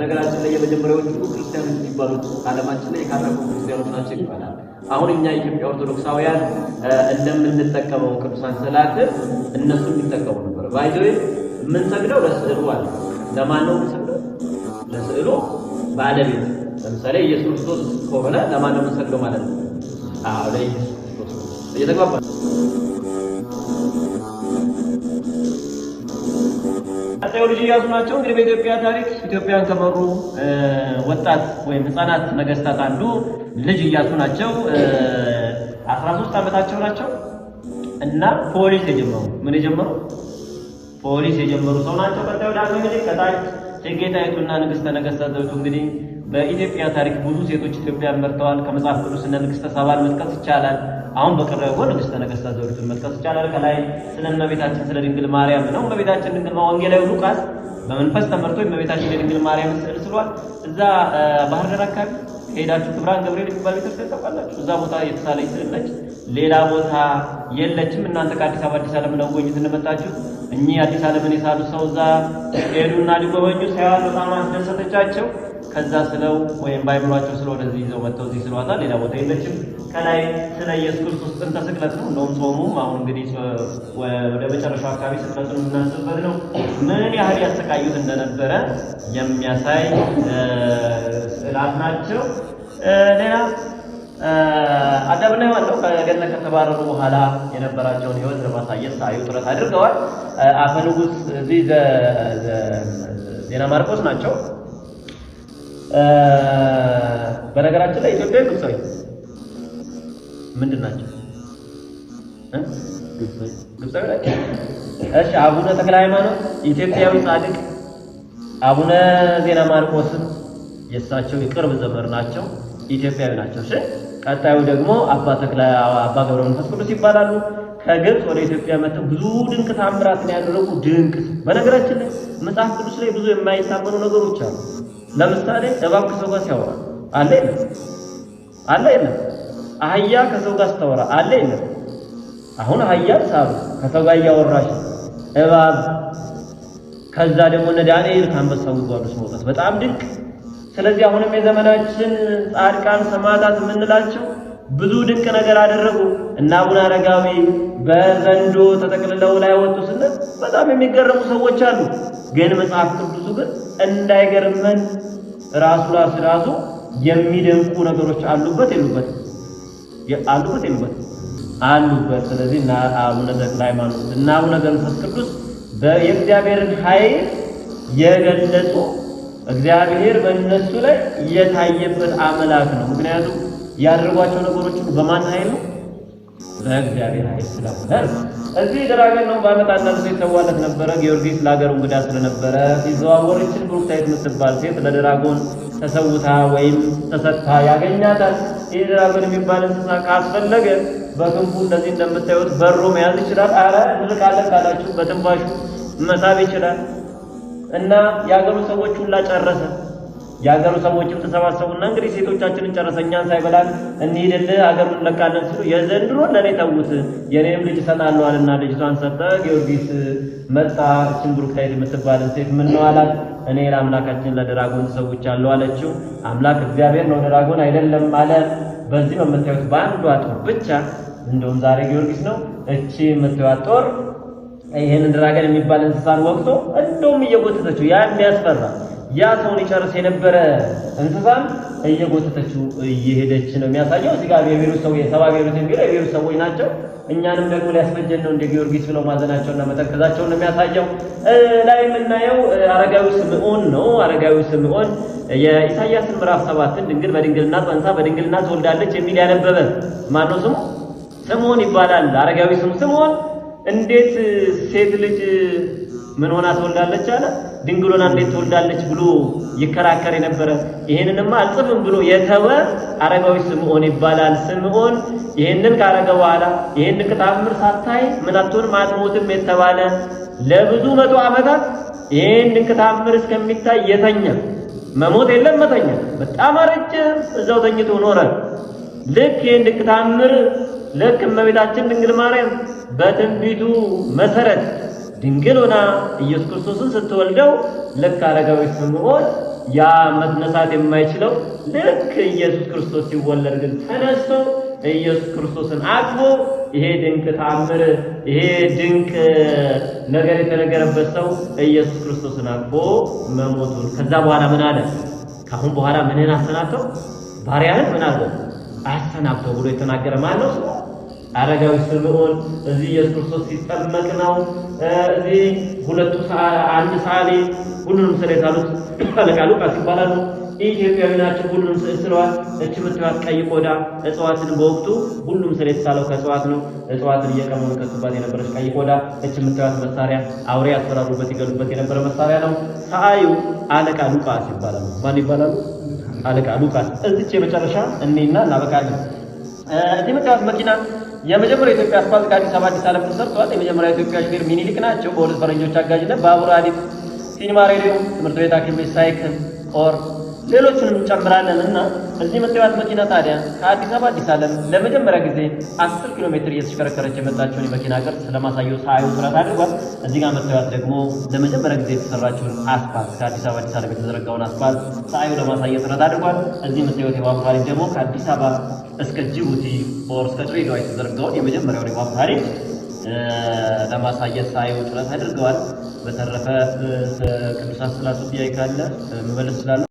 ነገራችን ላይ የመጀመሪያዎቹ ክርስቲያን የሚባሉት ዓለማችን ላይ የካረፉ ክርስቲያኖች ናቸው ይባላል። አሁን እኛ ኢትዮጵያ ኦርቶዶክሳውያን እንደምንጠቀመው ቅዱሳን ስላት እነሱ የሚጠቀሙ ነበር። ባይዘዌ የምንሰግደው ለስዕሉ አለ። ለማን ነው የምንሰግደው? ለስዕሉ ባለቤት። ለምሳሌ ኢየሱስ ክርስቶስ ከሆነ ለማን ነው የምንሰግደው ማለት ነው? ለኢየሱስ ክርስቶስ። እየተግባባ አፄ ልጅ ኢያሱ ናቸው። እንግዲህ በኢትዮጵያ ታሪክ ኢትዮጵያን ከመሩ ወጣት ወይም ህፃናት ነገስታት አንዱ ልጅ ኢያሱ ናቸው። 13 ዓመታቸው ናቸው እና ፖሊስ የጀመሩ ምን የጀመሩ ፖሊስ የጀመሩ ሰው ናቸው። ቀጣዩ ዳግም እንግዲህ ከታች እቴጌ ጣይቱና ንግስተ ነገስታት ዘውቱ እንግዲህ በኢትዮጵያ ታሪክ ብዙ ሴቶች ኢትዮጵያን መርተዋል። ከመጽሐፍ ቅዱስ እነ ንግስተ ሳባን መጥቀስ ይቻላል። አሁን በቀረበው ንግስተ ነገስታት ዘውዲቱን መጥቀስ ይቻላል። ከላይ ስለ እመቤታችን ስለ ድንግል ማርያም ነው። እመቤታችን ድንግል ወንጌላዊ ሉቃስ በመንፈስ ተመርቶ እመቤታችን የድንግል ማርያም ስዕል ስሏል። እዛ ባህር ዳር አካባቢ ከሄዳችሁ ክብራን ገብርኤል የሚባል ቤተክርስቲያን ታውቃላችሁ። እዛ ቦታ የተሳለች ስዕል ነች። ሌላ ቦታ የለችም። እናንተ ከአዲስ አበባ አዲስ ዓለም ለመጎብኘት እንደመጣችሁ እኚህ አዲስ ዓለምን የሳሉ ሰው እዛ ሄዱና ሊጎበኙ ሳይዋት በጣም አስደሰተቻቸው። ከዛ ስለው ወይም ባይብሏቸው ወደዚህ ይዘው መጥተው እዚህ ስለዋታ ሌላ ቦታ የለችም። ከላይ ስለ ኢየሱስ ክርስቶስ ጥንተ ስቅለት ነው። እንደውም ጾሙም አሁን እንግዲህ ወደ መጨረሻው አካባቢ ስቅለቱን የምናስብበት ነው። ምን ያህል ያሰቃዩት እንደነበረ የሚያሳይ ስላት ናቸው። ሌላ አዳምና ሔዋን ከገነት ከተባረሩ በኋላ የነበራቸውን ህይወት ለማሳየት ሳዩ ጥረት አድርገዋል። አፈ ንጉሥ እዚህ ዜና ማርቆስ ናቸው። በነገራችን ላይ ኢትዮጵያ ግብፃዊ ምንድን ናቸው? ግብፃዊ ናቸው። እሺ አቡነ ተክለ ሃይማኖት ኢትዮጵያዊ ጻድቅ፣ አቡነ ዜና ማርቆስም የእሳቸው የቅርብ ዘመር ናቸው። ኢትዮጵያዊ ናቸው። እሺ ቀጣዩ ደግሞ አባ ተክለ አባ ገብረ መንፈስ ቅዱስ ይባላሉ። ከግብፅ ወደ ኢትዮጵያ መጥተው ብዙ ድንቅ ታምራት ታምራትን ያደረጉ ድንቅ። በነገራችን ላይ መጽሐፍ ቅዱስ ላይ ብዙ የማይታመኑ ነገሮች አሉ። ለምሳሌ እባብ ከሰው ጋር ሲያወራ አለ የለም? አለ የለም? አህያ ከሰው ጋር ስታወራ አለ የለም? አሁን አህያ ሳሩ ከሰው ጋር እያወራሽ እባብ ከዛ ደግሞ እነ ዳንኤል ከአንበሳ ጉድጓድ ውስጥ መውጣት በጣም ድንቅ ስለዚህ አሁንም የዘመናችን ጻድቃን ሰማዕታት የምንላቸው ብዙ ድንቅ ነገር አደረጉ እና አቡነ አረጋዊ በዘንዶ ተጠቅልለው ላይ ወጡ ስንል በጣም የሚገረሙ ሰዎች አሉ። ግን መጽሐፍ ቅዱሱ ግን እንዳይገርመን ራሱ ራሱ ራሱ የሚደንቁ ነገሮች አሉበት የሉበት አሉበት የሉበት አሉበት። ስለዚህ እና አቡነ ተክለ ሃይማኖት እና አቡነ መንፈስ ቅዱስ የእግዚአብሔርን ኃይል የገለጹ እግዚአብሔር በእነሱ ላይ የታየበት አምላክ ነው። ምክንያቱም ያደረጓቸው ነገሮች በማን ኃይል ነው? በእግዚአብሔር ኃይል ስለሆነ እዚህ ድራገን ነው ባመጣ ሴት ነበረ። ጊዮርጊስ ለሀገሩ እንግዳ ስለነበረ ሲዘዋወር ብሩክታይት የምትባል ሴት ለድራጎን ተሰውታ ወይም ተሰጥታ ያገኛታል። ይህ ድራጎን የሚባል እንስሳ ካስፈለገ በክንፉ እንደዚህ እንደምታዩት በሮ መያዝ ይችላል። አረ ምልቃለን ካላችሁ በትንባሹ መሳብ ይችላል። እና የሀገሩ ሰዎች ሁላ ጨረሰ። የሀገሩ ሰዎችም ተሰባሰቡና እንግዲህ ሴቶቻችንን ጨረሰኛን ሳይበላን እንሂድል አገሩን እንለቃለን ሲሉ የዘንድሮ ለእኔ ተዉት የእኔንም ልጅ እሰጣለሁ አለና ልጅቷን ሰጠ። ጊዮርጊስ መጣ። እችን ሳይድ የምትባልን ሴት ምን ነው አላት። እኔ ለአምላካችን ለድራጎን ሰውቻለሁ አለችው። አምላክ እግዚአብሔር ነው ድራጎን አይደለም አለ። በዚህ በምታዩት በአንዷ ጦር ብቻ እንደውም ዛሬ ጊዮርጊስ ነው እቺ የምታዩት ጦር ይህንን ድራገን የሚባል እንስሳን ወቅቶ እንደውም እየጎተተችው ያ የሚያስፈራ ያ ሰውን ይጨርስ የነበረ እንስሳን እየጎተተችው እየሄደች ነው የሚያሳየው። እዚህ ጋር የቤሩት ሰው የሰባ ቤሩት የሚለው የቤሩት ሰዎች ናቸው። እኛንም ደግሞ ሊያስፈጀን ነው እንደ ጊዮርጊስ ብለው ማዘናቸውና መተከዛቸውን ነው የሚያሳየው። ላይ የምናየው አረጋዊ ስምዖን ነው። አረጋዊ ስምዖን የኢሳያስን ምዕራፍ ሰባትን ድንግል በድንግልና ጸንሳ በድንግልና ትወልዳለች የሚል ያነበበ ማነው? ስሙ ስምዖን ይባላል። አረጋዊ ስሙ ስምዖን እንዴት ሴት ልጅ ምን ሆና ትወልዳለች አለ ድንግሎና እንዴት ትወልዳለች ብሎ ይከራከር የነበረ ይሄንንማ አልጽፍም ብሎ የተወ አረጋዊ ስምዖን ይባላል። ስምዖን ይሄንን ካረገ በኋላ ይሄን ተአምር ሳታይ ምን አትሆንም አትሞትም የተባለ ለብዙ መቶ ዓመታት ይሄን ተአምር እስከሚታይ የተኛ መሞት የለም መተኛ በጣም አረጀ። እዛው ተኝቶ ኖረ። ልክ ይሄን ተአምር ልክ እመቤታችን ድንግል ማርያም በትንቢቱ መሰረት ድንግል ሆና ኢየሱስ ክርስቶስን ስትወልደው ልክ አረጋዊ ስምዖን ያ መነሳት የማይችለው ልክ ኢየሱስ ክርስቶስ ሲወለድ ግን ተነስቶ ኢየሱስ ክርስቶስን አቅፎ ይሄ ድንቅ ታምር ይሄ ድንቅ ነገር የተነገረበት ሰው ኢየሱስ ክርስቶስን አቅፎ መሞቱን ከዛ በኋላ ምን አለ? ከአሁን በኋላ ምንን አሰናብተው ባሪያህን ምን አለ አሰናብተው ብሎ የተናገረ ማለት ነው። አረጋዊ ስምዖን እዚህ ኢየሱስ ክርስቶስ ሲጠመቅ ነው። እዚህ ሁለቱ አንድ ሰዓሊ ሁሉንም ስዕል የሳሉት አለቃ ሉቃስ ይባላሉ። ኢትዮጵያዊ ናቸው። ሁሉንም ስዕል ስለዋል። እች ምትባት ቀይ ቆዳ እጽዋትን በወቅቱ ሁሉም ስዕል የተሳለው ከእጽዋት ነው። እጽዋትን እየቀመሙ ከሱባት የነበረች ቀይ ቆዳ እች ምትባት መሳሪያ አውሬ ያስፈራሩበት ይገሉበት የነበረ መሳሪያ ነው። ሰዓዩ አለቃ ሉቃስ ይባላሉ። ማን ይባላሉ? አለቃ ሉቃስ። እዚች የመጨረሻ እኔና እናበቃለን። እዚህ መኪና የመጀመሪያ ኢትዮጵያ አስፋልት ከአዲስ አበባ አዲስ ዓለም ተሰርቷል። የመጀመሪያ ኢትዮጵያ ሹፌር ሚኒሊክ ናቸው። በሁለት ፈረንጆች አጋዥነት ባቡር ሐዲድ፣ ሲኒማ፣ ሬዲዮ፣ ትምህርት ቤት፣ ሐኪም ቤት፣ ሳይክል፣ ኦር ሌሎቹንም እንጨምራለን እና እዚህ የምታዩት መኪና ታዲያ ከአዲስ አበባ አዲስ ዓለም ለመጀመሪያ ጊዜ አስር ኪሎ ሜትር እየተሽከረከረች የመጣቸውን የመኪና ቅርጽ ለማሳየው ሳዩ ጥረት አድርጓል። እዚህ ጋር የምታዩት ደግሞ ለመጀመሪያ ጊዜ የተሰራችውን አስፋልት ከአዲስ አበባ አዲስ ዓለም የተዘረጋውን አስፋልት ሳዩ ለማሳየት ጥረት አድርጓል። እዚህ የምታዩት የባቡር ሀዲድ ደግሞ ከአዲስ አበባ እስከ ጅቡቲ ኦር እስከ ድሬዳዋ የተዘረጋውን የመጀመሪያውን የባቡር ሀዲድ ለማሳየት ሳዩ ጥረት አድርገዋል። በተረፈ ቅዱሳት ስላሱ ጥያቄ ካለ መመለስ ስላለ